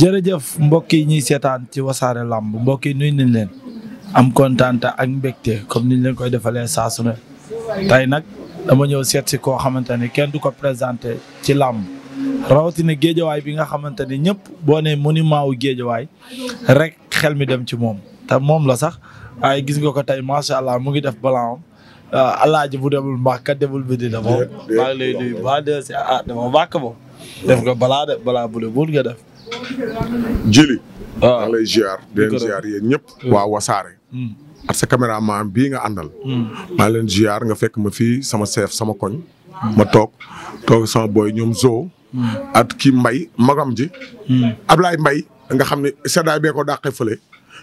jërëjëf mbokk yi ñuy seetaan ci wasaare làmb mbokk yi nuyu nañ leen am kontaan ak mbégte comme niñ leen koy defalee saa su ne tey nag dama ñëw seet si koo xamante ne kenn du ko présenté ci làmb rawatina géejawaay bi nga xamante ne ñëpp boo ni monument wu géejawaay rek xel mi dem ci moom te moom la sax waaye gis nga ko tey macha allah mu ngi def balan ah, alaaji bu demul mbàkka demul bi di dafa maa ah, def balaa de balaa bu de nga def jili waaw ah. lay ziar di leen ziar ñëpp mm. waa wasaare mm. ak sa caméraman bii nga àndal mm. maa leen ziar nga fekk ma fii sama chef sama koñ ma toog toog sama boy ñoom zoo at kii mbay magam ji Ablaye mbay nga xam ne seddaay bee ko dàqee fële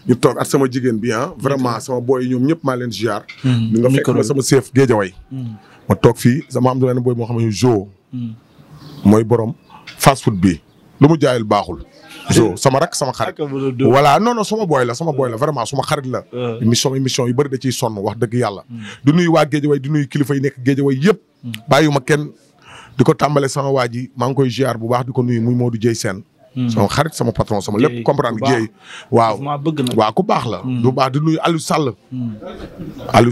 ñu toog ak sama jigéen bi ah vraiment sama booy ñoom ñëpp maa leen ziar di nga fekk ma sama chef géejaway ma toog fii sama am benn booy moo xam ne zoo mooy borom fast food bi lu mu jaayul baaxul. Eh. sama rak sama xarit. voilà non non sama booy la sama booy la vraiment suma xarit la. Eh. émission émission yu bari da ciy sonn wax dëgg yàlla. Hmm. du nuy waa Géejawaay du nuyu kilifa yi nekk Géejawaay yëpp. Hmm. ma kenn di ko tàmbale sama waa ji maa ngi koy ziar bu baax di ko nuy muy Modou Dieye Sène. Hmm. sama xarit sama patron sama lépp comprendre Dieye. waaw waaw ku baax la. du baax di nuyu Aliou Sall. Aliou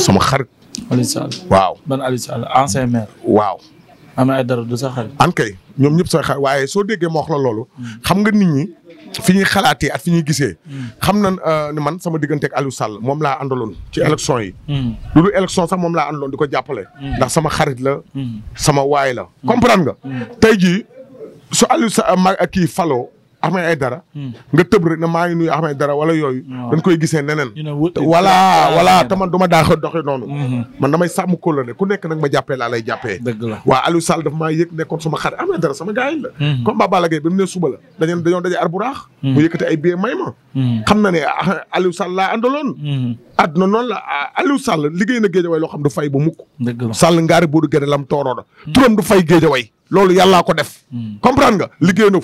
sama xarit. Aliou Sall waaw. ban Aliou Sall ancien maire. waaw. Ahmed Aidara du sa xarit. an kay ñoom ñëpp sa xarit waaye soo déggee ma wax la loolu. xam nga nit ñi fi ñuy xalaatee ak fi ñuy gisee. xam na euh, ne man sama diggante ak Aliou moom laa àndaloon ci élection yi. Mm. lu dul élection sax moom laa àndaloon di ko jàppale. Mm. ndax sama xarit la. Mm. sama waay la comprendre nga. tey ji su Aliou Sall ma kii faloo. ay dara hmm. nga tëb rek na maa ngi nuyu Ahmed Aidara wala yooyu dañ koy gisee neneen voilà ah, voilà te man du ma daax doxe noonu hmm. man damay sàmm kóllëre ku nekk nag ma jàppee laa lay jàppee waa Aliou Sall dafa maa yëg nekkoon sama xarit Ahmed Aidara sama gars yi la hmm. comme Baba Balla Gaye ba mu ne suba la dañu dañoo daje arburaax mu yëkkati ay billets may ma xam na ne Aliou Sall laa àndaloon àdduna noon la ah, Aliou Sall liggéey na géejawaay loo xam du fay bu mukk Sall ngaari boodu gëne lam toorooda hmm. turam du fay géejawaay loolu yàllaa ko def hmm. comprendre nga liggéey na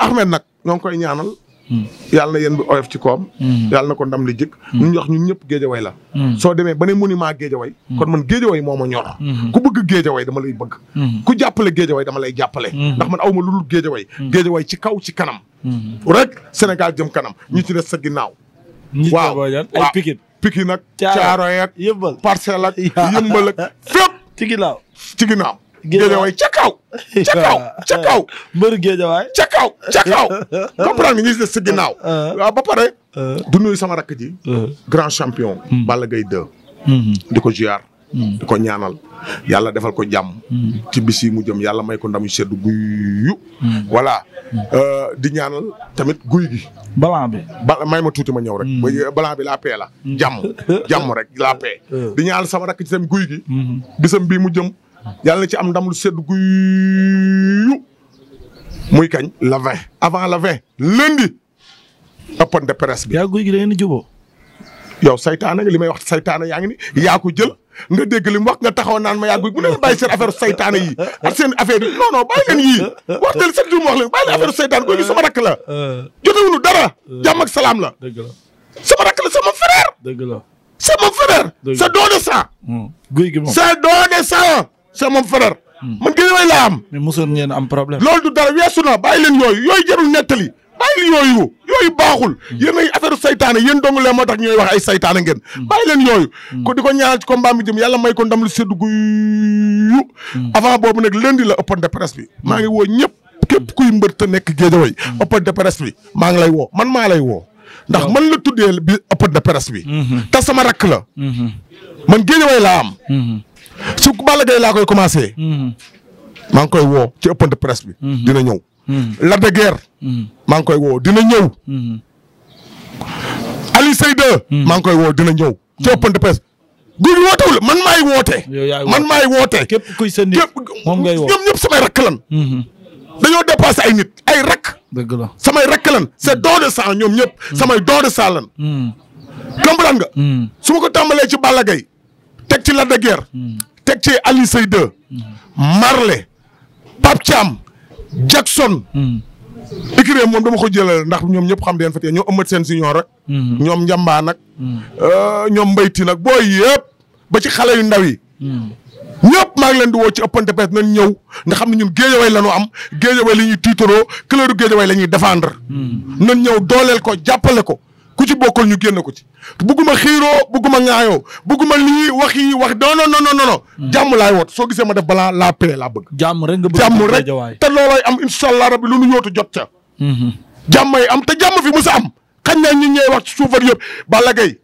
Ahmed nag ñoo ngi koy ñaanal hmm. yàlla na yéen bi oyof ci koom yàlla na ko ndam li jëkk ñu wax ñun ñëpp géejawaay la soo demee ba ne monument géejawaay kon man géejawaay moo ma ñor ku bëgg géejawaay dama lay bëgg ku jàppale géejawaay dama lay jàppale ndax man awma lu dul géejawaay géejawaay ci kaw ci kanam rek Sénégal jëm kanam ñu ci des sa ginnaaw waaw Pikine nag. Caaroy ak yëmbal Parcelles ak yëmbal ak fépp. ci ginnaaw ci ginnaaw. géejawaay ca kaw ca kaw ca kaw. mbër géejawaay ca ba pare. Uh-huh. du sama rakk uh-huh. grand champion. Hmm. Balla Gaye 2. Hmm. di ko Mm. di ko ñaanal yàlla defal ko jàmm. Mm. ci bis mu jëm yàlla may ko ndamu seddu guy yu. Mm. voilà euh, di ñaanal tamit guy gi. balan bi bala may ma tuuti ma ñëw rek. balan bi la paix la. jàmm jàmm rek la paix. di ñaanal sama rakk ci tamit guy gi. Mm-hmm. bisam bii mu jëm yàlla na ci am ndam lu seddu guy muy kañ la vingt avant la vingt lundi. ëppoon de presse bi. yaa guy gi da ngeen di juboo yow saytaane li may wax saytaane yaa ngi ni yaa jël. nga dégg mu wax nga taxaw naan ma yàgg bu leen bàyyi seen affaire saytaane yi ak seen affaire yi non non bàyyi leen yii waxtaan seen dum wax leen bàyyi leen affaire saytaane kooku sama rakk la jotewunu dara jàmm ak salaam la sama rakk la sama frère dëgg la sama frère c'est don de sang hmm. guy gi moom c'est don hmm. man gën way laa am mais problème loolu du dara weesu na bàyyi leen yooyu yooyu jarul nettali bàyyi leen yooyu yooyu baaxul mm. yéen ay affaire saytaane yéen dong leen moo tax ñooy wax ay saytaane ngeen mm. bàyyi leen yooyu mm. ko di ko ñaanal ci combat bi jëm yàlla may ko ndam lu sedd guyu avant boobu nag lundi la open de presse bi maa ngi woo ñëpp képp kuy mbër te nekk géejaway open de presse bi maa ngi lay woo man maa lay woo ndax man la tuddee bi open de presse bi mm-hmm. te sama rakk la mm-hmm. man géejaway laa am mm-hmm. su Balla Gaye laa koy commencé maa ngi koy woo ci open de presse bi dina ñëw Hmm. Lac de Guiers. Hmm. maa ngi koy woo dina ñëw. Hmm. Ali Seyde. maa ngi koy woo dina ñëw. ci open de presse guy wootewul man maay woote. man maay woote. képp kuy sa nit moom ngay woo ñoom samay rakk lan. dañoo dépassé ay nit ay rakk. samay rakk lan c'est don de sang ñoom ñëpp. samay don de sang lan. comprendre nga. su ma ko tàmbalee ci Balla Gaye teg ci Lac de Guiers. teg ci Ali Seyde. Marley Pape Thiam. Jackson. Hmm. écurie moom dama ko jëlal ndax ñoom ñëpp xam den fa tey ñoo ëmmat seen si junior rek. Hmm. ñoom njambaa nag. Hmm. Euh, ñoom mbayti nag booy yëpp ba ci xale yu ndaw yi. ñëpp maa ngi leen di woo ci ëppante pees nañ ñëw nga xam ne ñun géejaway la ñu am géejaway la ñuy tiitaroo këleeru géejaway la ñuy défendre. nañ ñëw dooleel ko jàppale ko. ku ci bokkul ñu génn ko ci bugguma xiiroo bugguma ŋaayoo bugguma lii wax yi wax non non non non non. Hmm. jàmm laay woot soo gisee ma def balaa la paix laa bëgg. jàmm rek nga bëgg jàmm rek te loolooy am incha allah rabbi lu nu ñootu jot ca. Hmm. jàmm yi am te jàmm fi sa am xañ na ñu ñëw wax ci suufar yëpp bala Gaye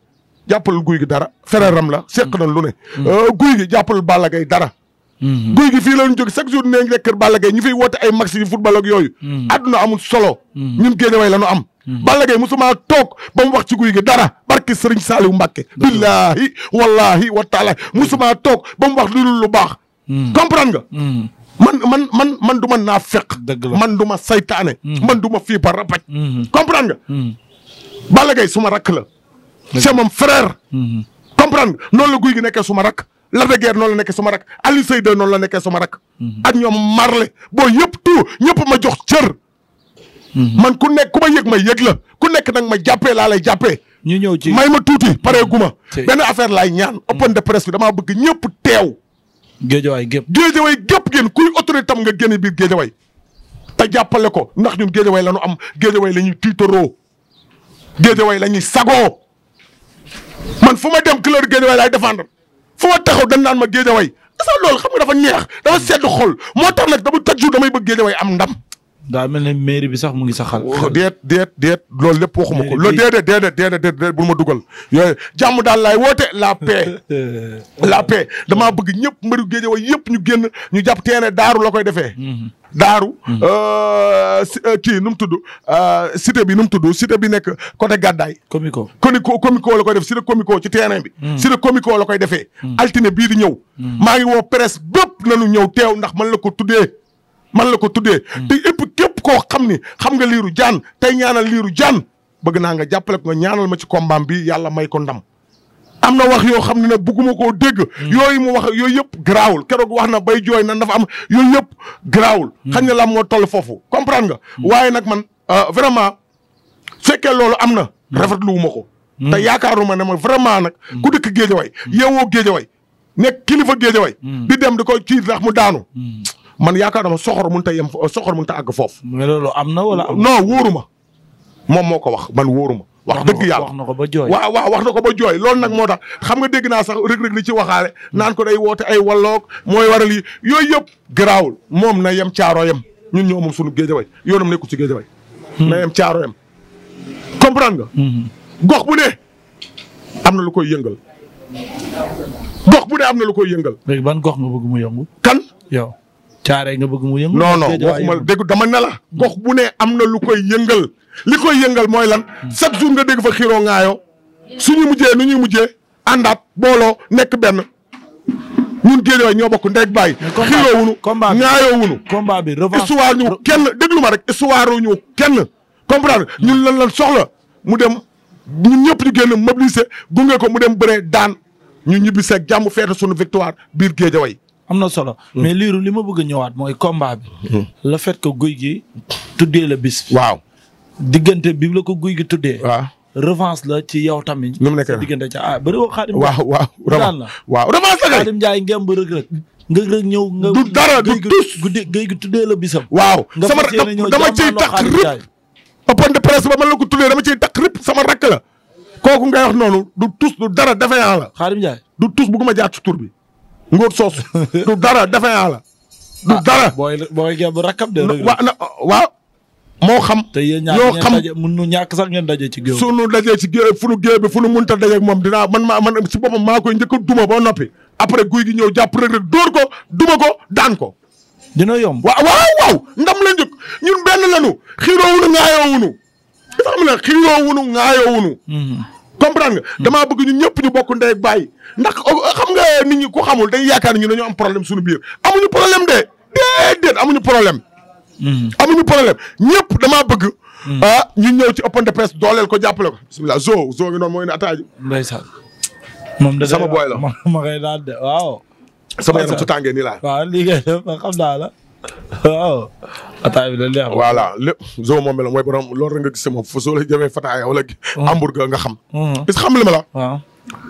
jàppal guy gi dara fereeram la. seq hmm. na lu ne. Euh, guy gi jàppal Balla Gaye dara. Mm-hmm. guy gi fii la ñu jóg chaque jour nee ngi kër Balla Gaye ñu fiy woote ay max yi football ak yooyu. Mm-hmm. àdduna amul solo. Mm-hmm. ñun Guédiawaye la ñu am. Balla Gaye musuma toog ba mu wax ci guy gi dara barki Serigne Saliou Mbacké. billaahi wallaahi wa taala musuma toog ba mu wax lu lu baax. comprendre nga. man man man man du ma naa feq. man du ma saytaane. man duma fii ba rapaj. comprendre nga. Balla Gaye suma rakk la. c'est mon frère. comprendre noonu la guy gi nekkee suma rakk. Lac de noonu la nekkee sama rak Alioune Seye 2 noonu la nekkee sama rak. Mhm. ak ñoom Marley boo yëpp tout ñëpp ma jox cër. Mhm. man ku nekk ku ma yëg ma yëg la ku nekk nag ma jàppee laa lay jàppee. ñu ñëw ci may ma tuuti paree gu ma. benn affaire laay ñaan open de presse bi damaa bëgg ñëpp teew. géejawaay gépp géejawaay gépp génn kuy autorité tam nga génn biir géejawaay. te jàppale ko ndax ñun géejawaay la ñu am géejawaay la ñuy tiitaroo géejawaay la ñuy sagoo man fu ma dem couleur géejawaay laay défendre. foo taxaw dañ naan ma géejawaay est-ce que loolu xam nga dafa neex dafa sedd xol moo tax nag dama chaque jour damay bëgg géejawaay am ndam. daa mel ne mairie bi sax mu ngi saxal. Oh, déet déet déet loolu lépp waxuma ko loolu déedéet déedéet déedéet déet bul ma dugal. yooyu jàmm daal laay woote la paix. la damaa bëgg ñëpp mbëru géej wa yëpp ñu génn ñu jàpp teene daaru loo koy defee. Mm-hmm. daaru. Mm-hmm. Euh, euh, kii nu mu tudd euh, cité bi nu mu tudd cité bi nekk ko côté gàddaay. comico comico comico la koy def cité comico ci terrain bi. Mm. cité comico la koy defee. Mm. altine bii di ñëw. Mm. maa ngi woo presse bépp nañu ñëw teew ndax man la ko tuddee. man la ko tuddee. Mm. te ëpp képp koo xam ni xam nga liiru jaan tey ñaanal liiru jaan bëgg naa nga jàppale ko nga ñaanal ma ci kombaam bi yàlla may ko ndam. am na wax yoo xam ne nag bugguma koo dégg. Mm. yooyu mu wax yooyu yëpp garaawul keroog wax na bay jooy nan dafa am yooyu yëpp garaawul. Mm. xañ na la moo toll foofu comprendre nga. waaye nag man euh, vraiment fekkee loolu am na. rafetlu wu ma ko. te yaakaaruma ne ma vraiment nag. ku dëkk géejaway yeewoo géejaway nekk kilifa géejaway. di dem di ko ci ndax mu daanu. man yaakaar na ma soxor mënut a yem soxor mënut a àgg foofu. mais loolu am na wala. non wóoru ma moom moo ko wax ban wóoru ma. wax dëgg yàlla wax na ko ba jooy. waaw waaw wax na ko ba jooy loolu nag moo tax xam nga dégg naa sax rëg-rëg li ci waxaale naan ko day woote ay walloog mooy waral yi yooyu yëpp. garaawul moom na yem caaro yem ñun ñoo moom sunu géejaway yoonam nekkul ci géejaway. Hmm. na yem caaro yem. comprendre nga. Hmm. gox bu ne am na lu koy yëngal. gox bu ne am na lu koy yëngal. léegi gox nga bëgg mu yëngu. kan yow. caare nga bëgg mu yëngu. non non waxuma dégg dama ne gox bu ne am na lu koy yëngal li koy yëngal mooy lan. Hmm. chaque jour nga dégg fa xiroo ŋaayoo suñu mujjee nu ñuy mujjee àndaat booloo nekk benn ñun géejawaay ñoo bokk ndeeg bàyyi. xiroo wunu ŋaayoo wunu. combat ñu kenn déglu ma rek histoire ñu kenn comprendre ñun lan lan soxla mu dem ñun ñëpp ñu génn mobiliser gunge ko mu dem bëree daan ñu ñibbi sek jàmm feete sunu victoire biir géejawaay am na solo. Mm. mais liiru li ma bëgg a ñëwaat mooy combat bi. Mm. le fait que guy gi tuddee la bis. waaw diggante bi la ko guy gi tuddee. waaw revanche la ci yow tamit. nu mu nekkee diggante ca ah bëri woo Xaadim. waaw waaw daan waaw revanche la kay. Xaadim Njaay ngeen ba rëg rëg nga ñëw nga. du dara du tus guy gi guy tuddee la bisam. waaw sama dama ciy takk rip. open de man la ko tuddee dama ciy takk rip sama rakk la. kooku ngay noonu du tus du dara defee la. Xaadim Njaay du tus bëgguma jaar ci tur bi. ngóor soosu du dara defe naa la. du ah, dara booy booy ngeen bu rakkam de. waaw moo xam. te yéen ñoo xam mën nu ñàkk sax ngeen daje ci géew. su nu dajee ci géew fu nu géew bi moom dinaa man maa man si boppam maa koy njëkk duma ba noppi. après guy gi ñëw jàpp rek rek dóor ko duma ko daan ko. dina yomb wa wa waaw ndam la njëkk ñun benn lanu xiiroo wunu ŋaayoo wunu. dafa am xiiroo wunu ŋaayoo wunu. Mm-hmm. comprendre nga. Hmm. damaa bëgg ñun ñëpp ñu bokk ndey ak bàyyi ndax oh, xam nga nit ñi ku xamul dañuy yaakaar ñu dañoo am problème suñu biir amuñu problème de déedéet amuñu problème. Hmm. amuñu problème ñëpp dama bëgg. Hmm. ah ñu ñëw ci open de presse ko jàppale ko bisimilah zoo zoo ngi noonu mooy ne ataaji. ndeysaan moom de sama booy la ma ma koy daal de waaw. sama la. waaw ataay bi da neex. voilà lépp Zo moom la mooy borom loolu rek nga gis moom fu soo la jëmee fataaya wala. Mm. hamburger nga xam. bis mm. xam li ma la. waaw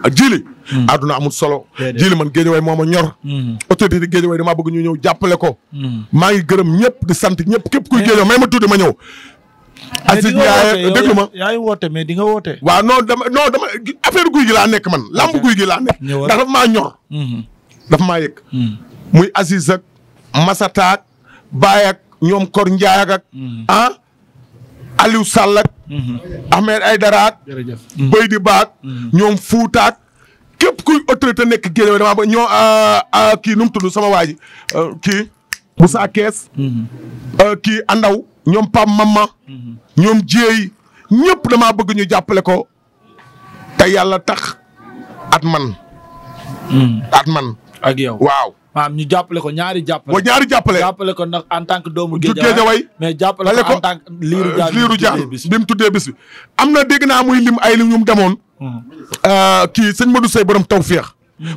ak jiili. Mm. àdduna amul solo. jiili man géejawaay moom a ñor. autorité di géejawaay bëgg ñu ñëw jàppale ko. maa ngi gërëm ñëpp di sant ñëpp képp kuy géejawaay ma tudd ma ñëw. Aziz Ndiaye ma yaa ngi woote mais di nga woote. waaw non dama non dama affaire guy gi laa nekk man. lamb guy gi laa nekk. ndax daf ma ñor. Mm-hmm. daf maa yëg. muy Aziz Masataak Bayak ñoom Kor Ndiaye ak. Mm-hmm. ah Aliou Sall ak. Mm-hmm. Ahmed Aïdara ak. jërëjëf mm-hmm. ñoom Fouta ak képp kuy autorité nekk Guédiawaye damaa ba ñoo ah, ah, kii nu mu sama waa ji ah, kii Moussa Kees. kii Andaw ñoom Pam Mamma. ñoom Jéey ñëpp damaa bëgg ñu jàppale ko te yàlla tax at man. at man. ak yow waaw. maanaam ñu jàppale ko ñaari jàppale. waaw ñaari jàppale jàppale ko nag tant que doomu. géejawaay mais jàppale ko en tant que liiru jaar liiru jaar bi mu tuddee am na dégg naa muy lim ay li ñu demoon. Hmm. Euh, kii sëñ Modou sey borom taw féex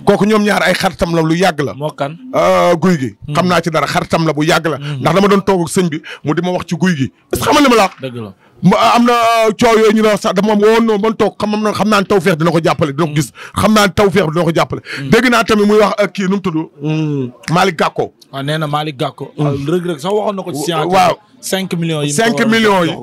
kooku ñoom ñaar ay xaritam la lu yàgg la. moo kan ah, guy gi. Hmm. xam naa ci dara xaritam la bu yàgg hmm. ndax dama doon toog ak sëñ bi mu di ma wax ci guy gi. est-ce que ma la dëgg la ma ah, am na ah, coow yooyu ñu ne sax dama woon noonu man toog xam na xam naa ne taw feex dina ko jàppale. dina ko hmm. gis xam naa ne taw feex dina ko jàppale. dégg naa tamit muy wax ak kii nu mu tudd. Malick Gakko. waaw nee na Malick Gakko. rëgg-rëgg na ko ci. waaw cinq millions yi cinq millions yi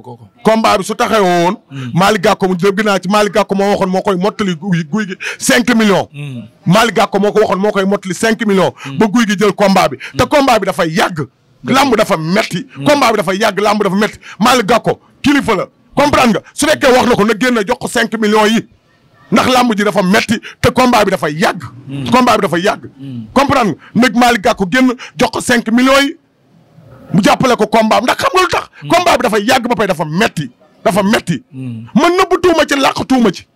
combat bi su taxaw woon. Hmm. Malick Gakou mu dégg naa ci Malick Gakou moo waxoon moo koy mottali guy guy gi cinq millions. Hmm. Malick Gakou moo ko waxoon moo koy mottali cinq millions. Hmm. ba guy gi jël combat bi. te combat bi dafay yàgg. lamb dafa metti combat bi dafa yàgg lamb dafa metti Malick Gakou kilifa la comprendre nga su fekkee wax na ko na génn jox ko cinq millions yi. ndax làmb ji dafa metti te combat bi dafa yàgg. combat bi dafa yàgg. comprendre nga nag Malick Gakou génn jox ko cinq millions yi. mu jàppale ko combat ndax xam nga lu tax. Mm. combat bi dafa yàgg ba pay dafa metti dafa metti mm. man nëbb tuuma ci làq tuuma ci.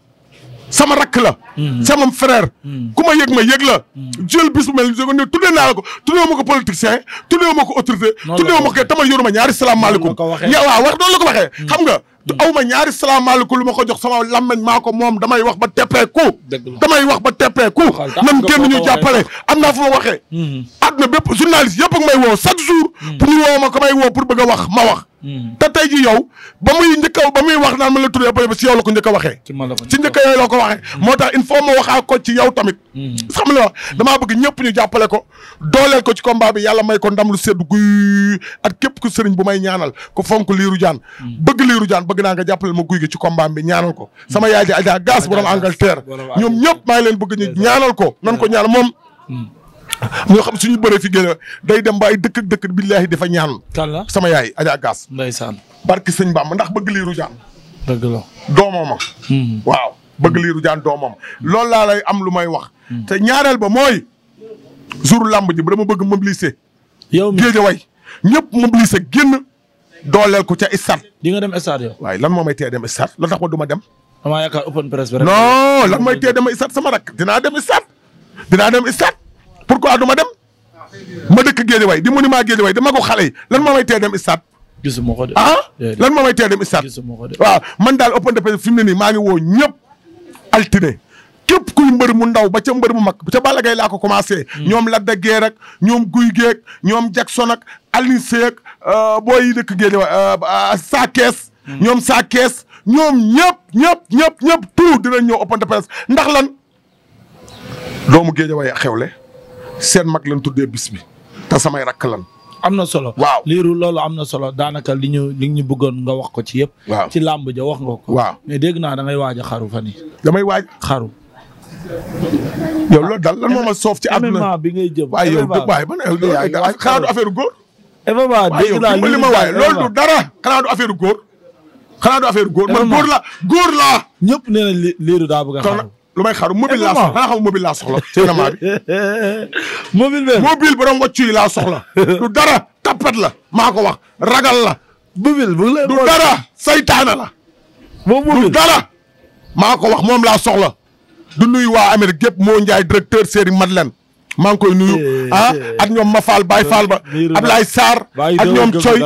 sama rakk la. Mm. sama frère. ku ma yëg ma yëg la. jël bis bu mel ni tuddee naa la ko tuddee ma ko politicien tuddee ma ko autorité. tuddee ma ko tamal yoruma ñaari salaamaaleykum. ñaa waaw wax noonu la ko waxee. xam nga aw ma ñaari salaamaaleykum lu ma ko jox sama lammeñ maa ko moom damay wax ba teppeeku. damay wax ba teppeeku. nan génn ñu jàppale am naa fu waxee. àdduna bépp journaliste yëpp ak may woo chaque jour. Hmm. pour ñu woo ma ko may woo pour bëgg a wax ma wax. Hmm. te tey ji yow ba muy njëkk ba wax naan ma la tuddee ba si yow la ko njëkk a waxee. ci man a si njëkk yooyu la ko hmm. moo tax il faut ci yow tamit. xam nga damaa bëgg ñëpp ñu jàppale ko dooleel ko ci combat bi yalla may ko ndam lu sedd guy ak képp ku sëriñ bu may ñaanal ko fonk liiru jaan. bëgg liiru jaan bëgg naa nga jàppale ma guy gi ci combat bi ñaanal ko. sama yaay ji Adja Gass Angleterre ñoom ñëpp maa leen bëgg ñu ñaanal ko nan ko ñaanal moom ñoo xam suñu bëree fi day dem ba ay dëkk ak dëkk billaahi dafa ñaan. kàlla sama yaay Adja Gass. ndeysaan barki sëñ Bamba ndax bëgg liiru jaan. dëgg la doomam hmm. waaw bëgg liiru jaan doomam. loolu laa lay am lu may wax. Hmm. te ñaareel ba mooy. jour làmb ji bu dama bëgg mobiliser. yow mi géej way ñëpp mobiliser génn. dooleel ko ca stade. di nga dem stade yow. waaye lan moo may tee dem stade la tax ma du ma dem. damaa yaakaar open press. non lan may tee sama rak dinaa dem stade. dinaa pour du ma dem ma dëkk Géejawaay di monument Géejawaay dama ko xale yi lan moo may tee dem stade. gisuma ko de ah lan moo may tee dem stade. gisuma ko de man daal open de presse fi mu ne nii maa woo ñëpp. altine képp kuy mbër mu ndaw ba ca mbër mu mag ca Balla Gaye laa ko commencé. Hmm. ñoom Lac de Guiers ñoom guy Gui ñoom Jackson ak Alioune Sèye ak euh, booy yi dëkk Géejawaay euh, saa kees. Hmm. ñoom saa kees ñoom ñëpp ñëpp ñëpp ñëpp tout dinañ ñëw open de presse ndax lan doomu Géejawaay xewle. seen mag lan tuddee bis bi samay rakk lan. am na solo waaw liiru loolu am na solo daanaka li ñu li ñu bëggoon nga wax ko ci yëpp. waaw ci làmb ja wax nga ko. waaw mais dégg naa da ngay waaj a xaru fan damay waaj xaru. yow loolu daal lan moo ma soof ci àdduna MMA bi ngay jëm. waaye yow waaye man xanaa du affaire góor. MMA dégg naa li ma waaye loolu du dara xanaa du affaire góor. xanaa du affaire góor man góor la góor la ñëpp nee na liiru daa bëgg xaru lu may xaru mobile laa soxla xanaa xam mobile laa soxla ci événement bi. mobile benn soxla. du dara tapet la maako wax ragal la. mobile bu du dara saytaana la. moom du dara. maa ko wax moom laa soxla. du nuyu waa Amérique gépp moo njaay directeur seer série Madeleine maa ngi koy nuyu eh, ah eh, eh. ak ñoom ma faal Baye Fall ba Ablaye Sarr ak ñoom Coy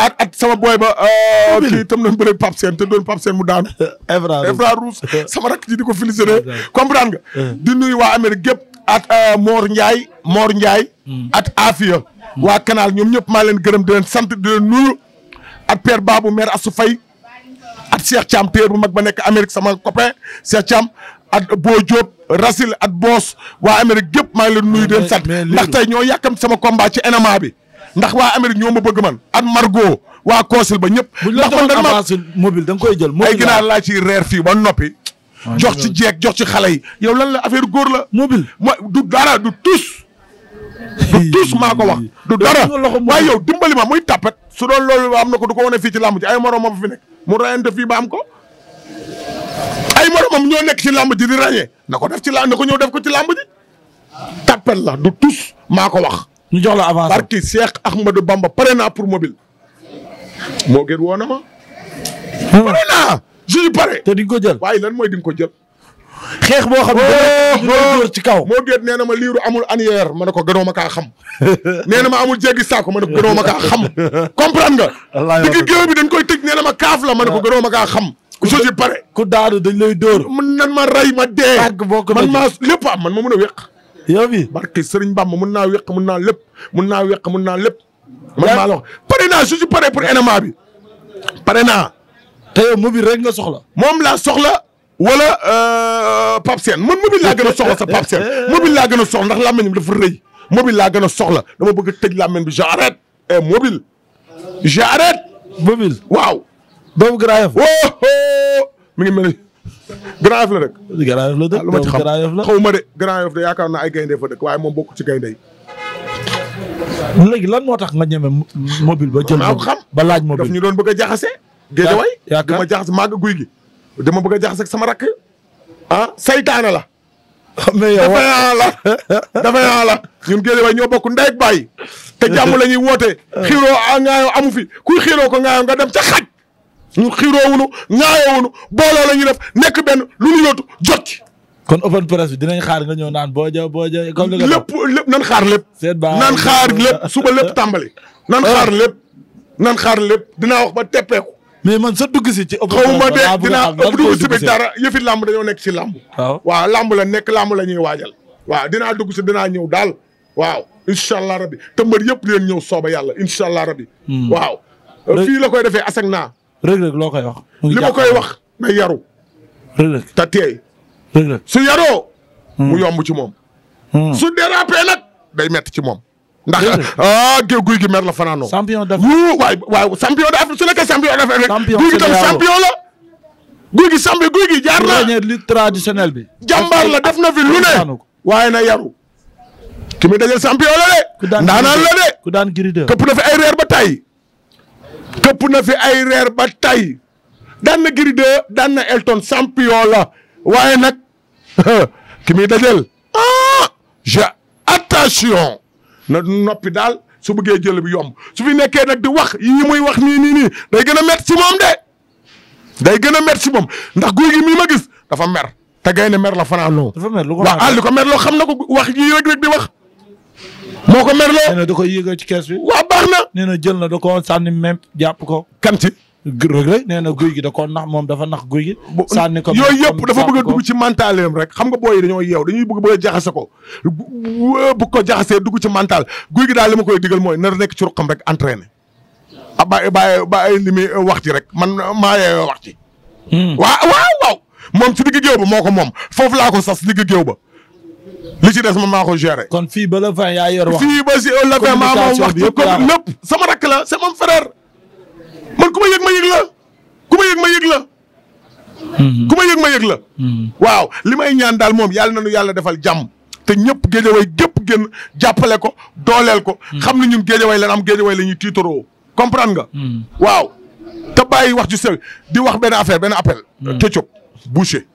ak ak sama booy ba euh, kii tam doon bëre Pape Sène te doon Pape Sène mu daanu Evra Rousse sama rakk ji di ko féliciter comprendre nga di nuyu waa Amérique gépp at euh, Mor Ndiaye moor Ndiaye hmm. at Afia hmm. waa Canal ñoom ñëpp maa leen gërëm di sant di leen nuyu at Père Babou maire Assou Faye at Cheikh Thiam téer bu mag ba nekk Amérique sama copain Cheikh Thiam at Bo Diop rasil at boos waa Amérique gépp maa ngi leen nuyu deen sant ndax tey ñoo yàkkam sama combat ci MMA bi ndax waa Amérique ñoo ma bëgg man at Margot waa Koosil ba ñëpp ndax man dan ma mobile da nga koy jël ay ginaar laa ciy reer fii ba noppi jox ci jeeg jox ci xale yi yow lan la affaire góor la mobile ma du dara du tus du tus maa ko wax du dara waaye yow dimbali ma muy tàppet su doon loolu am na ko du ko wane fii ci làmb ci ay moroom ma fi nekk mu rayante fii ba am ko ay moromam ñoo nekk ci làmb ji di ràññee na ko def ci làmb na ko ñëw def ko ci làmb ji. tappel la du tus maa ko wax. ñu jox la avance barki Cheikh Ahmadou Bamba pare naa pour mobile. moo gën woon na ma. Ah. pare naa je pare. te di nga ko jël waaye lan mooy di nga ko jël. xeex boo xam ne oh, oh. ci kaw moo gën nee na ma liiru amul annière ma ne ko gënoo ma kaa xam nee na ma amul jéggi saako ma ne ko gënoo ma kaa xam comprendre nga. digg géew bi dañ koy tëj nee na ma kaaf la ma ne ko gënoo ma kaa xam. su ci pare ku daanu dañ lay dóor mën nan ma rey ma dee man maa lépp am ah, man ma mën a wéq yow a barke Sëriñ Bamba mën naa wéq mën naa lépp mën naa wéq mën naa lépp man maa pare naa su ci pare pour MMA bi pare naa te yow mobile rek nga soxla moom laa soxla wala euh, Pape Sène man mobile gën a soxla sa Pape Sène laa gën a soxla ndax làmmeñ bi dafa laa gën a soxla dama bëgg tëj làmmeñ bi j'arrête et eh, mobile j'arrête mobile waaw doomu Grand Yoff. mi ngi mel ni Grand Yoff la rek. Grand Yoff la ah, ma ci xam xaw ma de Grand Yoff de yaakaar naa ay gaynde fa dëkk waaye moom bokk ci gaynde yi. léegi lan moo tax nga ñeme mobile ba. jël xam ba laaj mobile daf ñu doon bëgg a jaxase. géejawaay yaakaar dama jaxase màgg guy gi. dama bëgg a jaxase sama rakk ah saytaana la. mais yow dafa yaa la dafa yaa la ñun ñoo bokk ndey baay te jàmm la ñuy woote. Ah. xiiroo a ah, ngaayoo amu fi kuy xiiroo ko ngaayoo nga dem ca ñu xiiroowunu ñaayoowunu booloo la ñuy def nekk benn lu ñu yóotu jot kon open press bi dinañ xaar nga ñoo naan boo jë boo jë comme lépp lépp nan xaar lépp. nan xaar lépp suba lépp tàmbali. nan ah. xaar lépp nan xaar lépp dinaa wax ba teppeeku. mais man sa dugg si ci ëpp xaw de dinaa ëpp dugg bi dara yëfi làmb dañoo nekk si làmb waaw làmb la nekk làmb la ñuy waajal waaw dinaa dugg si dinaa ñëw daal waaw incha allah rabbi te mbër yëpp di leen ñëw sooba yàlla incha allah rabbi hmm. waaw fii la koy defee asag naa Reug loo koy wax. li ma koy wax na yaru. Reug su yaroo. mu hmm. yomb ci moom. Hmm. su dérapé nag day metti ci moom. ndax ah guy gi mer la fanaanoo. champion d'Afrique wuu waay su nekkee champion d'Afrique rek. guy gi tam champion la. guy gi sambi guy gi jaar na lutte bi. jàmbaar la def na fi lu ne. waaye na yaru. ki muy dajal champion la de. ndaanaan la de. ku daan giri këpp na fi ay reer ba tàyyi. këpp na fi ay reer ba tay daan na Gris daan na Elton champion la waaye nag ki muy dajel ah je attention na noppi daal su bëggee jël bi yomb su fi nekkee nag di wax yi muy wax nii nii nii day gën a métti si moom de day gën a métti si moom ndax guy gi mii ma gis dafa mer te gaynde mer la fanaanoo. dafa mer lu ko mer waaw ah xam na ko wax yii rek rek di wax. moo ko merloo. nee da koy yëgal ci kees bi. waaw baax na. nee na jël na da koo sànni même jàpp ko. kanti rëg rëg nee na guy gi da koo nax moom dafa nax guy gi. sànni ko yooyu yëpp dafa bëgg a dugg ci mentaleem rek xam nga booy yi dañoo yeew dañuy bëgg bëgg a jaxase ko bu ko jaxasee dugg ci mental guy gi daal li ma koy digal mooy nar nekk ci ruqam rek entraîné. ah bàyyi bàyyi bàyyi li muy wax ci rek man maa yeewoo wax ci. Hmm. waaw waaw moom ci digg géew ba moo ko moom foofu laa ko sas digg géew ba li ci des ma maa ko kon fii ba la yor wax. fii ba si la fin maa moom wax ci comme lépp sama rakk la c'est mon frère. man ku ma yëg ma yëg la ku ma yëg ma yëg la. Mhm. ma yëg ma mhm. waaw li may ñaan daal moom yàlla na nu yàlla defal jàmm. te ñëpp géejawaay gépp génn jàppale ko dooleel ko. Mhm. xam ne ñun géejawaay lan am géejawaay la ñuy tiitaroo comprendre nga. waaw te bàyyi wax ci sew di wax benn affaire benn appel. Ketchup Boucher.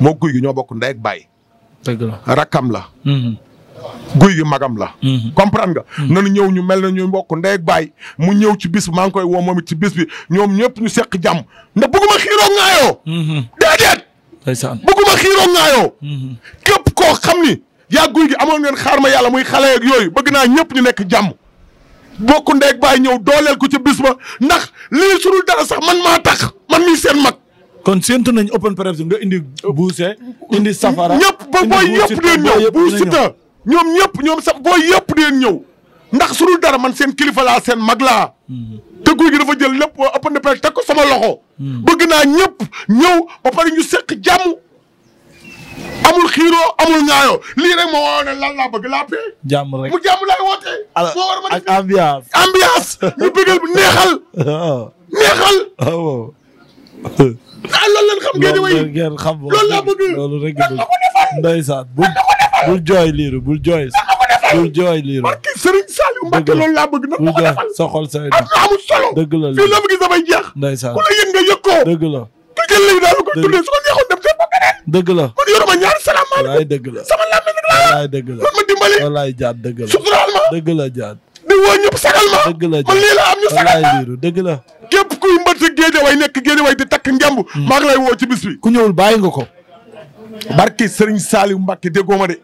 moo guy gi ñoo bokk ndey ak bàyyi. dëgg la rakkam la. Mm-hmm. guy gi magam la. Mm-hmm. comprendre nga. Mm-hmm. nanu ñëw ñu mel na ñu mbokk ndey ak baay mu ñëw ci bis bi maa ngi koy woo ci bis bi ñoom ñëpp ñu seq jàmm ndax bëgguma xiiroo ŋaayoo. déedéet. ndeysaan xiiroo ŋaayoo. képp koo xam ni. yaa guy gi amoon ngeen xaar ma yàlla muy xale ak yooyu bëgg naa ñëpp ñu nekk jàmm. bokku ndey ak baay ñëw dooleel ko ci bis ba ndax lii dara sax man maa tax man mii seen mag. kon séntu nañ open press nga indi buuse indi safara ñëpp ba booy yëpp ñëw bu sita ñoom ñëpp ñoom sax booy yëpp deen ñëw ndax surul dara man seen kilifa laa seen mag laa te guy gi dafa jël lépp open press teg ko sama loxo bëgg naa ñëpp ñëw ba pare ñu seq jàmm amul xiiroo amul ŋaayoo lii rek ma woo ne lan bëgg laa pee. jàmm rek mu ñu bëggal neexal. neexal. Oh, ah loolu lan xam ngeen di way ngeen xam loolu laa bëgg loolu rek la ko defal ndeysaan bul bul jooy liiru bul jooy bul jooy liiru barki Serigne Saliou Mbacke loolu laa bëgg na ko defal sa xol say na amul solo dëgg la fii loo gis damay jeex ndeysaan ku la yëg nga yëg ko dëgg la ku jël léegi daal ko tuddee su ko neexoon dem seen bokeneen dëgg la man yoruma ñaari salaamaaleykum wallaay dëgg la sama lamme nag laa wallaay dëgg la man ma dimbali wallaay jaat dëgg la suturaal ma dëgg la jaat di woo ñëpp sagal ma dëgg la man lii la am ñu sagal ma dëgg la kuy mbëtt géejawaay nekk géejawaay di takk ngemb hmm. maa lay woo ci bis bi ku ñëwul nga ko barki Serigne Saliou Mbacke déggoo ma de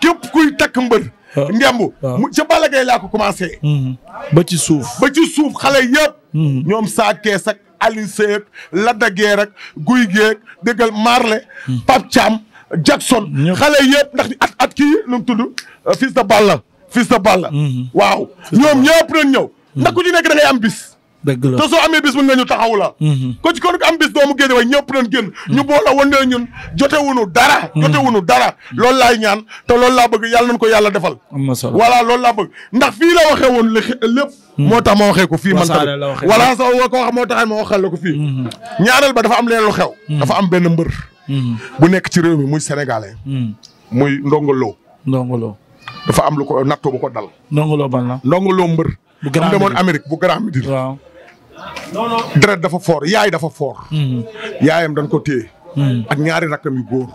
képp kuy takk mbër ngemb mu ca Balla Gaye laa ko commencé hmm. ba ci suuf ba ci suuf xale yëpp hmm. ñoom saa kees ak Aliou Seye ak Lada Gueye ak Guy Gueye ak déggal Marle Pape Thiam Jackson xale yëpp ndax at at kii nu mu tudd euh, fils de Balla fils Balla waaw ñoom ñëpp nañ ñëw ndax ku ci nekk da am bis dëgg la te soo amee bis bu nga ñu la mhm. ko ci kon am bis doomu géej way ñëpp nañ génn mhm. ñu boola wandee ñun jotewunu dara mhm. jotewunu dara loolu laay ñaan te loolu laa bëgg yàlla na ko yàlla defal voilà loolu laa bëgg ndax fii la waxee woon lépp moo tax ma waxee ko fii man tamit voilà sa wa ko wax moo tax ma waxal la ko fii ñaareel ba dafa am leen lu xew dafa am benn mbër bu nekk ci réew mi muy sénégalais muy ndongoloo ndongoloo dafa am lu ko nattoo ko dal ndongoloo ban mbër bu Grand Médine deret dafa foor yaay dafa foor mhm. yaayam dañ ko téye mhm. ak ñaari rakkam yu góor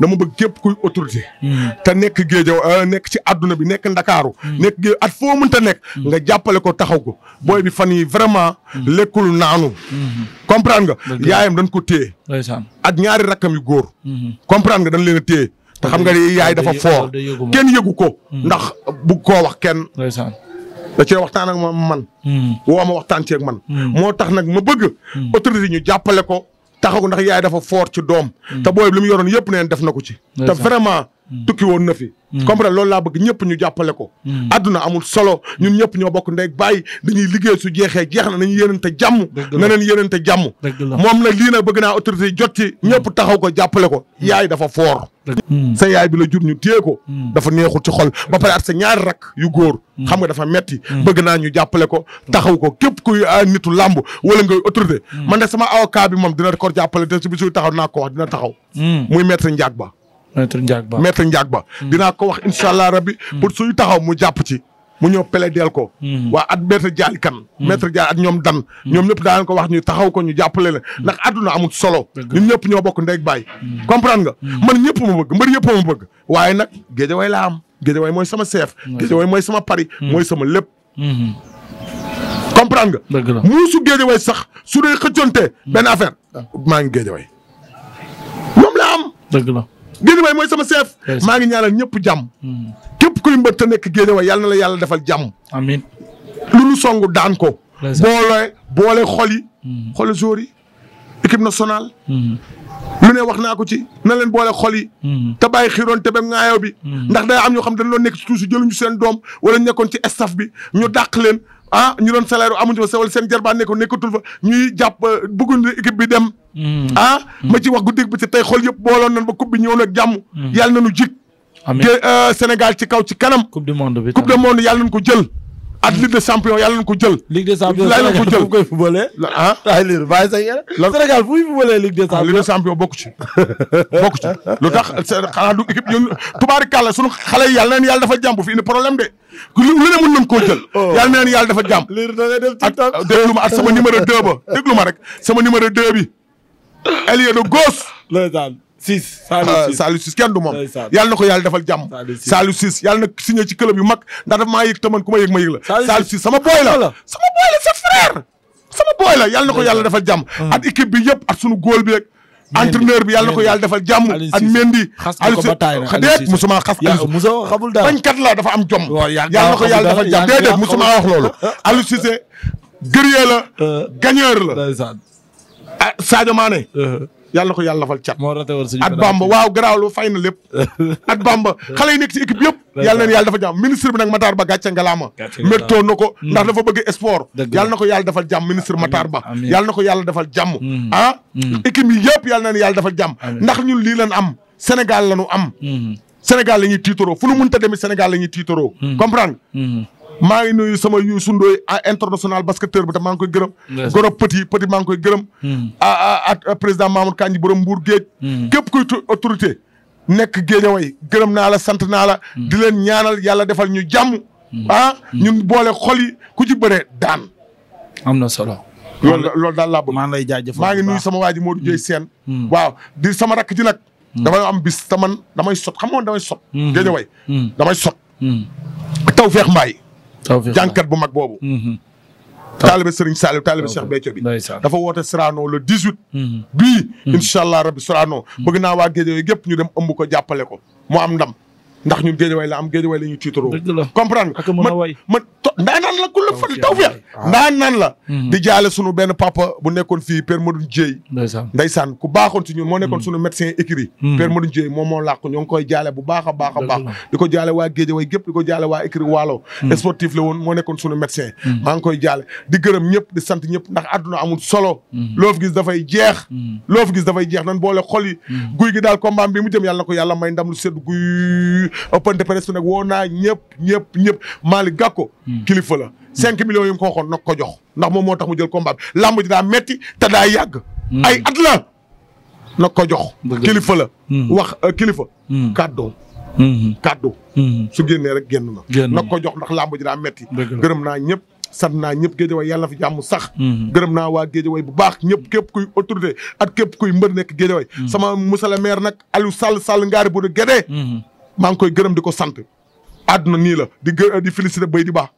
dama mhm. bëgg képp ku autorité te nekk géejaw euh, nekk ci àdduna bi nekk ndakaaru nekk géej at foo mënta nekk nga jàppale ko taxaw ko booy bi fan yi vraiment lekkul naanu comprendre nga yaayam dañ ko téye ak ñaari rakkam yu góor comprendre nga dañ leen a téye te xam nga yaay dafa foor kenn yëgu ko ndax bugg koo wax kenn da cee waxtaan ak moom man. Hmm. woo ma waxtaan ceeg man. Hmm. moo tax nag ma bëgg. Hmm. autorité ñu jàppale ko taxaw ndax yaay dafa foor ci doom. te booy bi li mu yoroon yëpp neen def na ko ci. te vraiment Mm. tukki woon na fi. Mm. comprendre loolu laa bëgg ñëpp ñu jàppale ko. Mm. àdduna amul solo ñun ñëpp ñoo bokk ndey bàyyi dañuy liggéey su jeexee jeex na na ñu nañu yéenante jàmm. na leen yéenante jàmm. moom nag lii nag bëgg naa autorité yi jot ci. ñëpp taxaw ko jàppale ko. yaay dafa foor. sa yaay bi la jur ñu téye ko. dafa neexul ci xol ba pare at sa ñaari rak yu góor. xam nga dafa metti bëgg naa ñu jàppale ko. taxaw ko képp ku ah, nitu a wala ngay autorité. man de sama avocat bi moom dina ko jàppale te su bisu taxaw naa ko wax dina taxaw. muy maître Ndiack Ba maître Ndiak Ba maître Ndiak Ba. Mm. dinaa ko wax incha allah rabbi mm. pour suy taxaw mu jàpp ci. mu ñëw plaideel ko. Mm. waa at maître Dialy kan. maître Dialy ak ñoom dan. ñoom ñëpp daan ko wax ñu taxaw ko ñu jàppale la ndax àdduna amu solo. ñun ñëpp ñoo bokk ndeg bàyyi. comprendre nga man ñëpp ma bëgg mbër yëpp ma bëgg. waaye nag géejawaay laa am géejawaay mooy sama chef. géejawaay mooy sama pari. mooy sama lépp. Mm-hmm. comprendre nga. dëgg la muusu géejawaay sax su dee xëccoonte benn affaire ah. maa ngi géejawaay. moom laa may mooy sama chef. maa ngi ñaanal ñëpp jàmm. Hmm. képp kuy mbër te nekk Guédiawaye yàlla na la yàlla defal jàmm. amiin lu nu songu daan ko. boole boole xol yi. Hmm. xol jour yi équipe nationale. Hmm. lu ne wax naa ko ci na leen boole xol yi. te bàyyi xiiroon te ba ŋaayoo bi. ndax day am ñoo xam dañ doon nekk ci toujours ñu seen doom walla ñu ci estaf bi ñu dàq leen ah ñu doon salaire amuñu fa sewal seen jarbaan ne ko nekkatul fa ñuy jàpp euh, bëgguñu équipe bi dem. Hmm. ah hmm. ma ci wax guddi bi ci tey xool yëpp booloon nañ ba coupe bi ñëw nag jàmm. Hmm. yàlla nañu jig. amiin euh, Sénégal ci kaw ci kanam. coupe du monde bi coupe du monde yàlla nañ ko jël. ak Ligue des champions yàlla na ko jël. Ligue des champions yàlla na ko jël koy fubalee. ah ay ah, liir bàyyi sa yéen. Sénégal fu muy fubalee ah, Ligue des champions. Ligue des champions bokku ci bokku ci lu tax xanaa du équipe ñun tubaari kàlla sunu xale yi yàlla na yàlla dafa jàmb fi indi problème de. lu lu ne mën nañ koo jël. Oh. yàlla na yàlla dafa jàmb. liir da ngay def TikTok ak déglu ma ak sama numéro de ba déglu ma rek sama numéro 2 bi. ailier de Ciss Saliou Ciss kenn du moom yàlla na ko yàlla defal jàmm Saliou Ciss yàlla na signé ci club yu mag ndax daf maa yëg te ku ma yëg ma yëg la Saliou Ciss sama booy la sama booy la c'est sama booy la na ko yàlla defal jàmm mm. ak équipe bi yëpp sunu góol bi rek entraîneur bi yàlla na ko yàlla defal jàmm ak Mendy Aliou Cissé déet musuma xas Aliou xamul dara bañkat la dafa am jom yàlla na ko yàlla defal jàmm déedéet musuma wax loolu Aliou Cissé guerrier la euh. gagneur la euh. ah, Sadio Mané euh. yàlla ko yàlla fal cat at bamba waaw garaaw lu fay na lépp at bamba xale yi nekk ci équipe yëpp yàlla na yàlla dafa jàmm ministre bi nag Matar Ba gàcce ngalaama méttoo ko hmm. ndax dafa bëgg sport yàlla na ko yàlla dafal jàmm ministre Matar Ba yàlla na ko yàlla dafal jàmm hmm. ah hmm. équipe yi yëpp yàlla na yàlla dafal jàmm ndax ñu lii lan am Sénégal la ñu am Sénégal la ñuy tiitoroo fu nu mënta demee Sénégal la ñuy tiitoroo comprendre maa ngi nuyu sama Youssou Ndoye international basketteur bi tam maa ngi koy gërëm. goro petit petit maa ngi koy gërëm. a hmm. président Mamour Kandji borom Mbour géej. Hmm. képp kuy autorité nekk Géejawaay gërëm naa la sant naa la. Hmm. di leen ñaanal yàlla defal ñu jàmm. ah ñu boole xol ku ci bëree daan. am na solo. loolu loolu daal laa maa ngi lay jaajëfal maa ngi nuyu sama waa ji Modou Dieye seen waaw di sama rakk ji nag. dafay am bis te damay sot xam nga damay sot. Géejawaay damay sot. taw feex mbaay jànkat bu mag boobu. Mm-hmm. taalibe Serigne Saliou taalibe Cheikh Béthio bi dafa woote Sorano la 18. bii. Mm-hmm. incha allah rabbi Sorano mm-hmm. bëgg naa waa géej yooyu ñu dem ëmb ko jàppale ko mu am ndam. ndax ñu géejawaay la am géejawaay la ñuy tiitaroo. dëgg la comprendre nga man man ndaanaan la mm-hmm. di jaale sunu benn papa bu nekkoon fii Père Modou Dieye. ndeysaan ndeysaan ku baaxoon su ñun moo nekkoon mm-hmm. sunu médecin écrit. Mm-hmm. Père Modou Dieye moom moo làkk ñoo ngi koy jaale bu baax a baax a baax. di ko jaale waa géejawaay gépp di ko jaale waa écrit waalo. sportif la woon moo nekkoon sunu médecin. maa ngi koy jaale di gërëm ñëpp di sant ñëpp ndax àdduna amul solo. loo fi gis dafay jeex. loo fi jeex nan boole xol yi. guy gi daal combat bi mu jëm yàlla ko yàlla may ndam lu sedd open de presse nag woo naa ñëpp ñëpp ñëpp Malick Gakko hmm. kilifa la hmm. cinq millions yi mu ko waxoon nag jox ndax moom moo tax mu jël combat bi làmb ji daa metti te daa hmm. ay at la ko jox kilifa wax euh, kilifa kàddu kàddu su génnee rek génn na nag jox ndax làmb ji daa metti gërëm naa ñëpp sant naa ñëpp géejawaay yàlla fi jàmm sax gërëm naa waa géejawaay bu baax ñëpp képp kuy autorité ak képp kuy mbër nekk géejawaay sama musala maire nag Aliou Sall sal ngaari bu du gédee maa ngi koy gërëm di ko sant àdduna nii la di gë di félicité bay di baax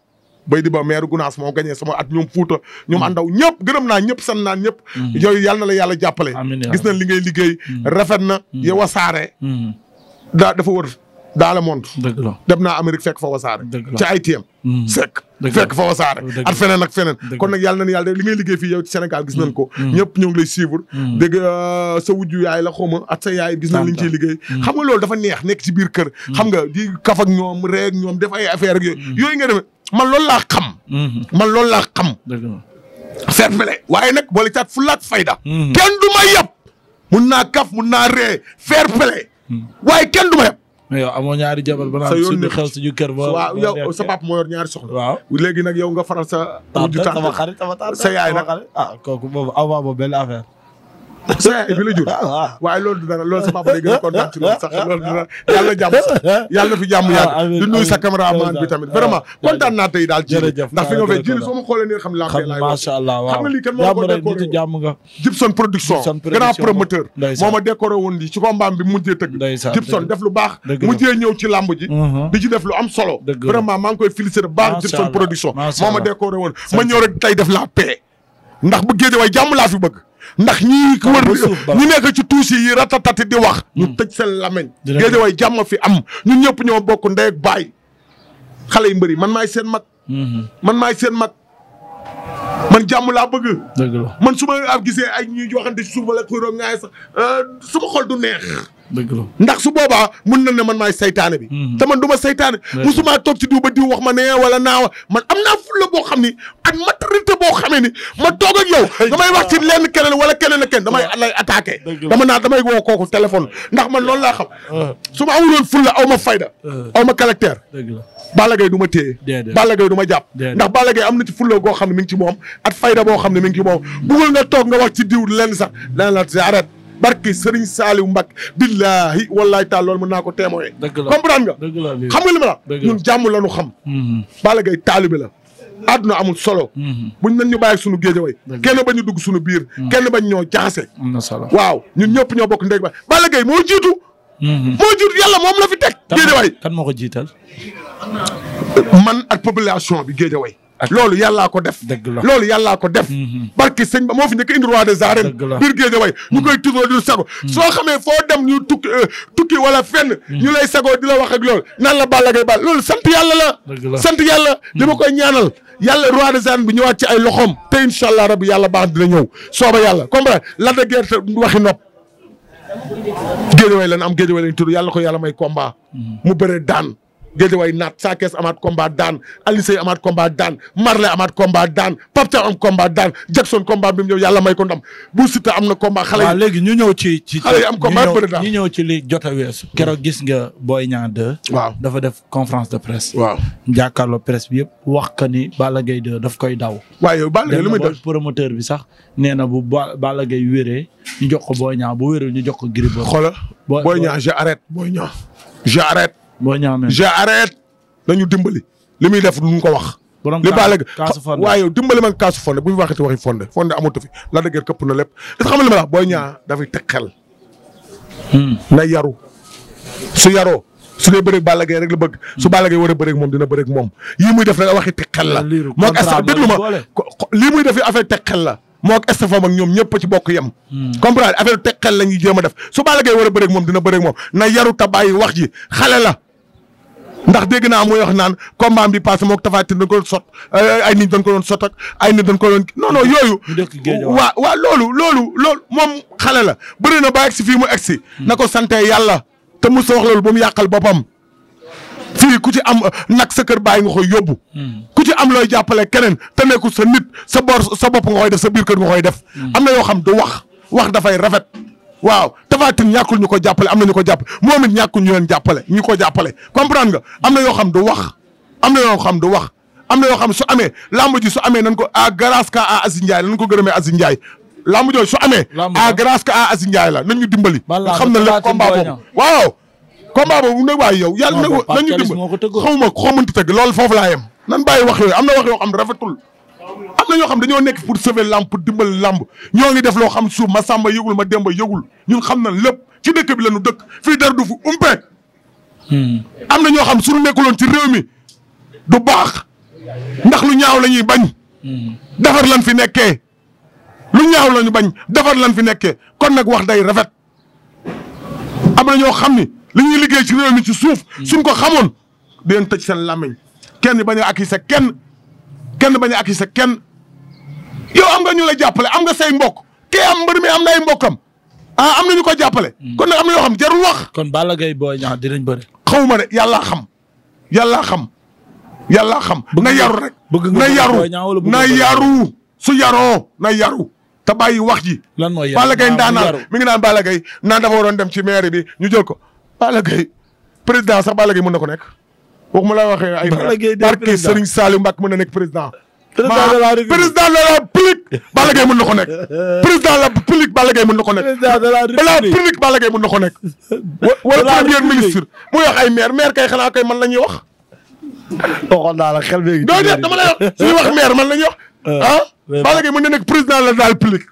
bay di ba maire Gunaas moo gagné sama at ñoom Fuuta ñoom àndaw mm. ñëpp gërëm naa ñëpp sant naa ñëpp mm. yooyu yàlla na la yàlla jàppale gis nañ li ngay liggéey mm. rafet na yow wasaare daa dafa wër dans le dem naa Amérique fekk fa wasaare. dëgg la ci hmm. fekk fa wasaare. ak feneen ak feneen. kon nag yàlla na yàlla de li ngay liggéey fii yow ci Sénégal gis nañ ko. Hmm. Hmm. ñëpp ñoo ngi lay suivre. dégg euh, sa wujju yaay la xaw ma ak sa yaay gis nañ li liggéey. xam nga loolu dafa neex nekk ci biir kër. xam nga di kaf ak ñoom reeg ñoom def ay affaire yooyu nga demee man lool la xam. man loolu laa xam. fair play waaye nag boole caat fu laaj fayda. kenn du ma yab mun naa kaf mun naa ree fair play waaye kenn du ma mais yow amoo ñaari jabar ba naan suñu xew suñu kër ba waaw yow sa papa moo yor ñaari soxna waaw léegi nag yow nga faral sa mujj tànk sama xarit sama sa yaay nag ah kooku boobu amaa boobu benn soxna bi la jur loolu du dara loolu sa gën a kontaan ci loolu sax ah, ah. loolu du dara yàlla jàmm fi jàmm yàgg ah, di nuyu sa cameraman bi tamit vraiment kontaan naa tey daal jiri ndax fi nga fee jiri soo ma xoolee nii xam ne laa tey laay wax xam nga lii kan moo ko décoré jàmm nga Gibson production grand promoteur moo ma décoré woon lii ci combat bi mujjee tëgg Gibson def lu baax mujjee ñëw ci làmb ji uh-huh. di ci def lu am solo vraiment maa ngi koy féliciter baax Gibson production moo ma décoré woon ma ñëw rek tey def la paix ndax bu géej waay jàmm laa fi bëgg ndax ñu ñii ko wër ñu nekk ci tuusi yi ratatati di wax hmm. ñu tëj seen lameñ géejawaay jàmm fi am ñun ñëpp ñoo bokk ndey ak baay xale yu mbëri man maay seen mag hmm. man maa seen mag man jàmm laa bëgg man su ma gisee ay ñuy waxante ci suuf wala kuy roog ngaay sax euh, su ma xol du neex ndax su boobaa mun na ne man maay saytaane bi mhm. te man du ma saytaane musumaa toog ci diw ba diw wax ma nee wala naa man am naa fulla boo xam ni ak maturité boo xamee ni ma toog ak yow damay wax ci lenn keneen wala keneen ak keneen damay lay attaqué dama naa damay woo kooku téléphone ndax man loolu laa xam su ma amuloon fulla aw ma fayda aw ma caractère Balla Gaye du ma téye Balla Gaye du ma jàpp ndax Balla Gaye am na ci fulla goo xam ne mi ngi ci moom at fayda boo xam ne mi ngi ci moom bugul nga toog nga wax ci diw lenn sax dana la arrête barki Serigne Saliou Mbacké billaahi wallaahi taal loolu mën naa ko témoigner. dëgg la comprendre nga. xam nga li ma la. ñun jàmm la ñu xam. Mhm. Balla Gaye taalibe la. àdduna amul solo. Mhm. buñ nañ ñu bàyyi suñu géejaway. kenn bañ ñu dugg suñu biir. Mhm. kenn bañ ñoo jaxase. am na solo waaw ñun ñëpp ñoo bokk ndeg ba Balla Gaye moo jiitu. moo jiitu yàlla moom la fi teg. géejaway kan moo ko jiital. man ak population bi géejaway. loolu yàllaa ko def loolu yàllaa ko def mm-hmm. barki sëñ ba moo fi njëkk indi roi des arènes biir way ñu koy mm-hmm. tuddoo di sago mm-hmm. soo xamee foo dem ñu tukki euh, tukki wala fenn ñu lay sagoo di la wax ak loolu naan la Balla Gaye Balla loolu yàlla la sant yàlla li ma koy ñaanal yàlla roi des arènes bi ñëwaat ci ay loxoom te incha allah rabbi yàlla baax dina ñëw sooba yàlla comprendre la de guerre waxi nopp géej way lan am géej way lañ tudd yàlla ko yàlla may komba mu bëre daan de Géejawaay naat Sakes amaat combat daan Alisey amaat combat daan Marley amaat combat daan Papta am combat daan Jackson combat bi mu ñëw yàlla may kon ndam bu Siteu am na combat. xale yi waaw léegi ñu ñëw ci am combat bëri daal ñu li jot a weesu. Hmm. keroog gis nga booy Niang 2. dafa def conférence de presse. waaw jàkkaarloo presse bi yëpp. wax ka ni Balla Gaye 2 daf koy daw. waaye yow Balla Gaye lu muy def bi sax nee na bu Balla Gaye wéree ñu jox ko Boy Niang bu wéree ñu jox ko Gris Bordeaux. xoolal Boy Niang j'arrête Boy Niang j'arrête boo ñaamee j'arrête nañu dimbali li muy def lu duñ ko wax. borom kaasu fonde waaye yow dimbali man kaasu fonde bu ñu waxati waxi fonde fonde amatu fi la dëgër këpp na lépp li nga xam ne li ma la wax ñaa dafay teg xel. Hmm. na yaru su yaroo su dee bëreeg Balla Gaye rek la bëgg. su Balla Gaye war a bëreeg moom dina bëreeg moom muy def nag waxi teg xel la. moo ak est déglu ma lii muy def affaire teg la. moo ak estafam ak ñoom ñëpp ci bokk yem. Hmm. comprendre affaire teg xel la ñuy jéem a def su Balla Gaye a bëreeg moom dina bëreeg moom na yaru tabaay wax ji xale la ndax dégg naa muy wax naan combat bi passé moog Tapha Tine dañ ko doon sot ay nit dañ ko doon sot ak ay nit dañ ko doon non non yooyu. waa waa loolu loolu moom xale la bëri na ba egsi fii mu egsi. na ko sante yàlla te mu sa wax loolu ba mu yàqal boppam. fi ku ci am nag sa kër bàyyi nga koy yóbbu. Hmm. ku ci am looy jàppale keneen te nekkul sa nit sa bor sa bopp nga koy def sa biir kër nga koy def. Hmm. am na yoo xam da wax wax dafay rafet. waaw Tapha Tine ñu ko jàppale am na ñu ko jàppale moom it ñàkkul ñu leen jàppale ñu ko jàppale comprendre nga am na yoo xam du wax am na yoo xam wax am na yoo xam su amee lamb ji su amee nañ ko à grâce ka à Aziz Ndiaye nañ ko gërëmee Aziz Ndiaye lamb jooju su amee à grâce ka à Aziz Ndiaye la nañ ñu dimbali xam na lépp combat boobu waaw combat boobu ne waay yow yàlla nañu dimbali xaw ma xaw mënti tëgg loolu foofu laa yem nan bàyyi wax yooyu am na wax yoo xam rafetul am na ñoo xam dañoo nekk pour sauver lamb pour dimbali lamb ñoo ngi def loo xam suuf ma sàmba yëgul ma demba yëgul ñun xam na lépp ci dëkk bi la ñu dëkk fii dara du fu umpe. Hmm. am na ñoo xam suñu nekkuloon ci réew mi du baax ndax lu ñaaw lañuy bañ. Hmm. defar lan fi nekkee lu ñaaw la ñu bañ defar lan fi nekkee kon nag wax day rafet am na ñoo xam ni li ñuy liggéey ci réew mi ci suuf hmm. suñ ko xamoon di leen tëj seen làmmiñ kenn bañ a ak sa kenn. kenn bañ a accuser kenn yow am nga ñu jàppale am nga say mbokk kii am mbër mi am na ay mbokkam ah am na ñu ko jàppale. Hmm. kon nag am na yoo xam jarul wax. kon Balla Gaye Boy Niang dinañ bëri. xaw ma ne yàlla xam yàlla xam yàlla xam. na yaru rek na yaru na yaru su yaroo na yaru. te bàyyi wax ji. lan mooy yaru Balla Gaye ndaanaan mi ngi naan Balla gay naan dafa waroon dem ci maire bi ñu jël ko Balla Gaye président sax Balla Gaye mën na ko nekk. waxuma la wax ay. Balla Gaye barke Serigne Saliou Mbacke mën na nekk président. président de la République président de la République. Balla Gaye mën na ko nekk. président de la République Balla Gaye mën na ko nekk. président de la République Balla na ko nekk. wala premier ministre muy wax ay maire maire kay xanaa kay man la ñuy wax. waxoon naa la xel beegi. doo def dama lay wax suñuy wax maire man la ñuy wax. ah, ah Balla Gaye mën na nekk président de la République.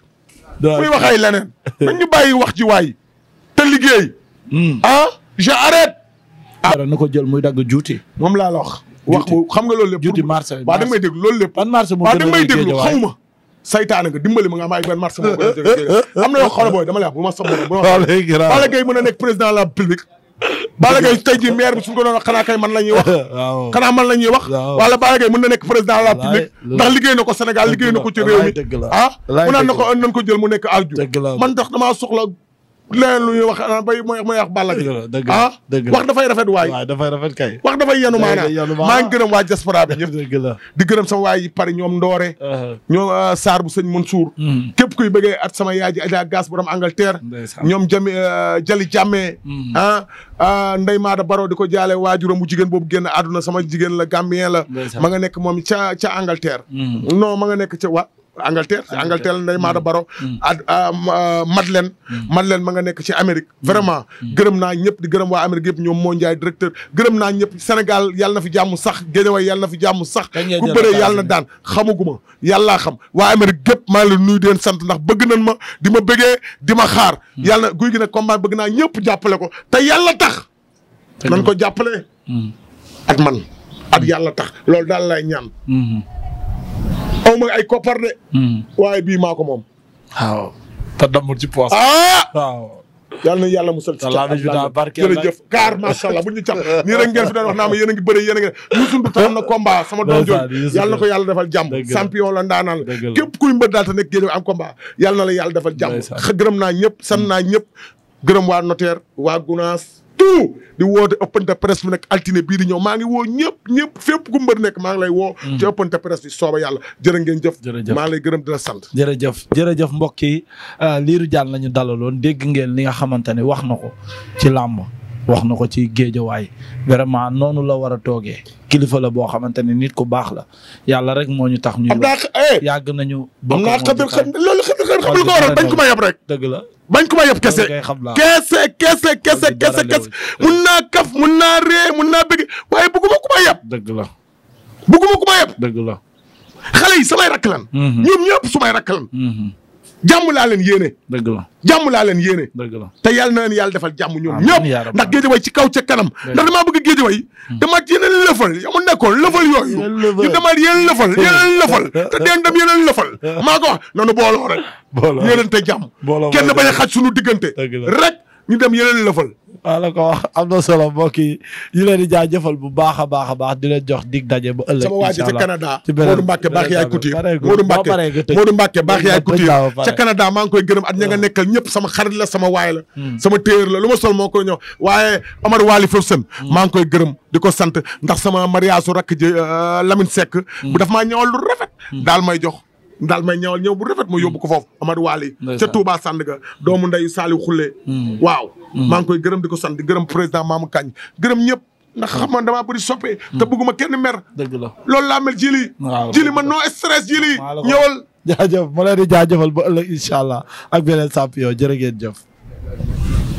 muy wax ay leneen. nañ ñu bàyyi wax ci waay. te liggéey. Hmm. ah j'arrête. ah na ko jël muy dagg juuti. moom laa la wax. wax bu xam nga loolu lépp. juuti marché waaw da nga may déglu loolu lépp. ban marché moo gën a may déglu xaw ma. saytaane nga dimbali ma nga am ay benn marché moo gën a déglu am na yoo xam ne booy dama lay wax bu ma soxla. waaw léegi daal Balla Gaye mën a nekk président de la République. Balla Gaye tey jii maire bi suñ ko doon wax xanaa kay man la ñuy wax. waaw xanaa man la ñuy wax. waaw wala Balla Gaye mën na nekk président de la République. ndax liggéey na ko Sénégal liggéey na ko ci réew mi. ah mu naan na ko nan ko jël mu nekk alju man ndax damaa soxla leneen lu ñuy wax naan ah, bay mooy wax Balla bi ah wax dafay rafet waay dafay rafet kay wax dafay yanu maanaam maa ngi gërëm waa diaspora bi ñëpp di gërëm sama waay yi Paris ñoom Ndoore uh-huh. ñoom ah, Sarr bu sëñ Mansour hmm. képp kuy bëggee at sama yaaj ji Adja Gass borom Angleterre ñoom jami ah, Jali Jàmme hmm. ah Ndey Maada Baro di ko jaale waajuram bu jigéen boobu génn àdduna sama jigéen la Gambien la ma nga nekk moom ca ca Angleterre hmm. non ma nga nekk ca wa Angleterre si Angleterre Ndeye Maada Baro. Madeleine. Mm. Madeleine ma nga nekk ci Amérique. vraiment mm. Mm. gërëm naa ñëpp di gërëm waa Amérique yëpp ñoom moo Ndiaye directeur gërëm naa ñëpp Sénégal yàlla fi jàmm sax Guédiawaye yàlla na fi jàmm sax. ku bëree yàlla na daan xamaguma yàllaa xam waa Amérique gépp maa leen nuyu di leen sant ndax bëgg nañ ma di ma bëggee di ma xaar. yàlla guy gi nag combat bëgg naa ñëpp jàppale ko te yàlla tax. nañ ko jàppale. ak man ak yàlla tax loolu daal lay ñaan mm-hmm. aw ay koppar de. Hmm. waaye bii maa ko moom. waaw te damul ci poos. Ah! waaw. yàlla na yàlla musal ci càmm jërëjëf kaar macha allah bu ñu càmm nii rek ngeen fi doon wax naa ma yéen a ngi bëre yéen a ngi musul du taxam na combat sama doom jooju yàlla na ko yàlla defal jàmm champion la ndaanaan la képp kuy mbër daal te nekk géej am combat yàlla na la yàlla defal jàmm gërëm naa ñëpp sant naa ñëpp gërëm waa notaire waa gunaas partout di woote open de presse bi nag altine bii di ñëw maa ngi woo ñëpp ñëpp fépp ku mbër nekk maa ngi lay woo. Mm. ci open de presse bi sooba yàlla jërë ngeen jëf. maa ngi lay gërëm di la sant. jërëjëf jërëjëf mbokk yi euh, Lirou Diane la ñu dalaloon dégg ngeen li nga xamante ne wax na ko ci làmb wax na ko ci géejawaay vraiment noonu la war a toogee kilifa la boo xamante ne nit ku baax la yàlla rek moo ñu tax. ñuy eh. yàgg nañu. bokk moom loolu xamul ko waral dañ yab rek. dëgg la bañ ko ma yëpp kese kese kese kese kese kese mun naa kaf mun naa ree mun naa bëgg waaye bëgguma ku ma yëpp. dëgg la bëgguma ku ma yëpp. dëgg la xale yi samay rakk lan. Mhm. ñoom ñëpp jàmm laa leen yéene. dëgg la jàmm laa leen yéene. dëgg la te yàlla na leen yàlla defal jàmm ñoom ñëpp ndax géejawaay ci kaw ca kanam ndax damaa bëgg géejawaay hmm. damaat yeneen lëfal ya mu nekkoon lëfal yooyu ñu damaat yeneen lëfal hmm. yeneen lëfal te deen dem yeneen lëfal hmm. maa ko wax nanu booloo rek yéenante jàmm kenn bañ a xaj suñu diggante rek ñu dem yeneen lëfal. la ko wax am na solo mbokk yi ñu leen di jaajëfal bu baax a baax a baax di leen jox dig daje ba ëllëg. incha allah sama waa ji ca Canada. ci beneen Modou Mbacke baax yaay couture. Modou Mbacke Modou Mbacke baax yaay couture. ca Canada maa ngi koy gërëm a ña nga nekkal ñëpp sama xarit la sama waay la. Hmm. sama téer la lu ma sol moo ko ñëw waaye Omar Wali Fofsen. Hmm. maa ngi koy gërëm di ko sant ndax sama mariage su rakk ji euh, Lamine Seck. Hmm. bu daf maa ñëwal lu rafet. daal may jox. ndal may ñëwal ñaw bu rafet ma yóbbu ko foofu Amadou Waly ca Touba Sandaga doomu ndeyu Saliou Khoule hmm. waaw hmm. maa ngi koy gërëm di ko sant gërëm président Mamadou Kagne gërëm ñëpp ndax xam man damaa bëri soppe te hmm. bëgguma kenn mer dëgg la loolu laa mel jili jili ma non stress jili ñëwal jaajëf ma leen di jaajëfal ba ëllëg incha allah ak beneen sàpp yow jërë jëf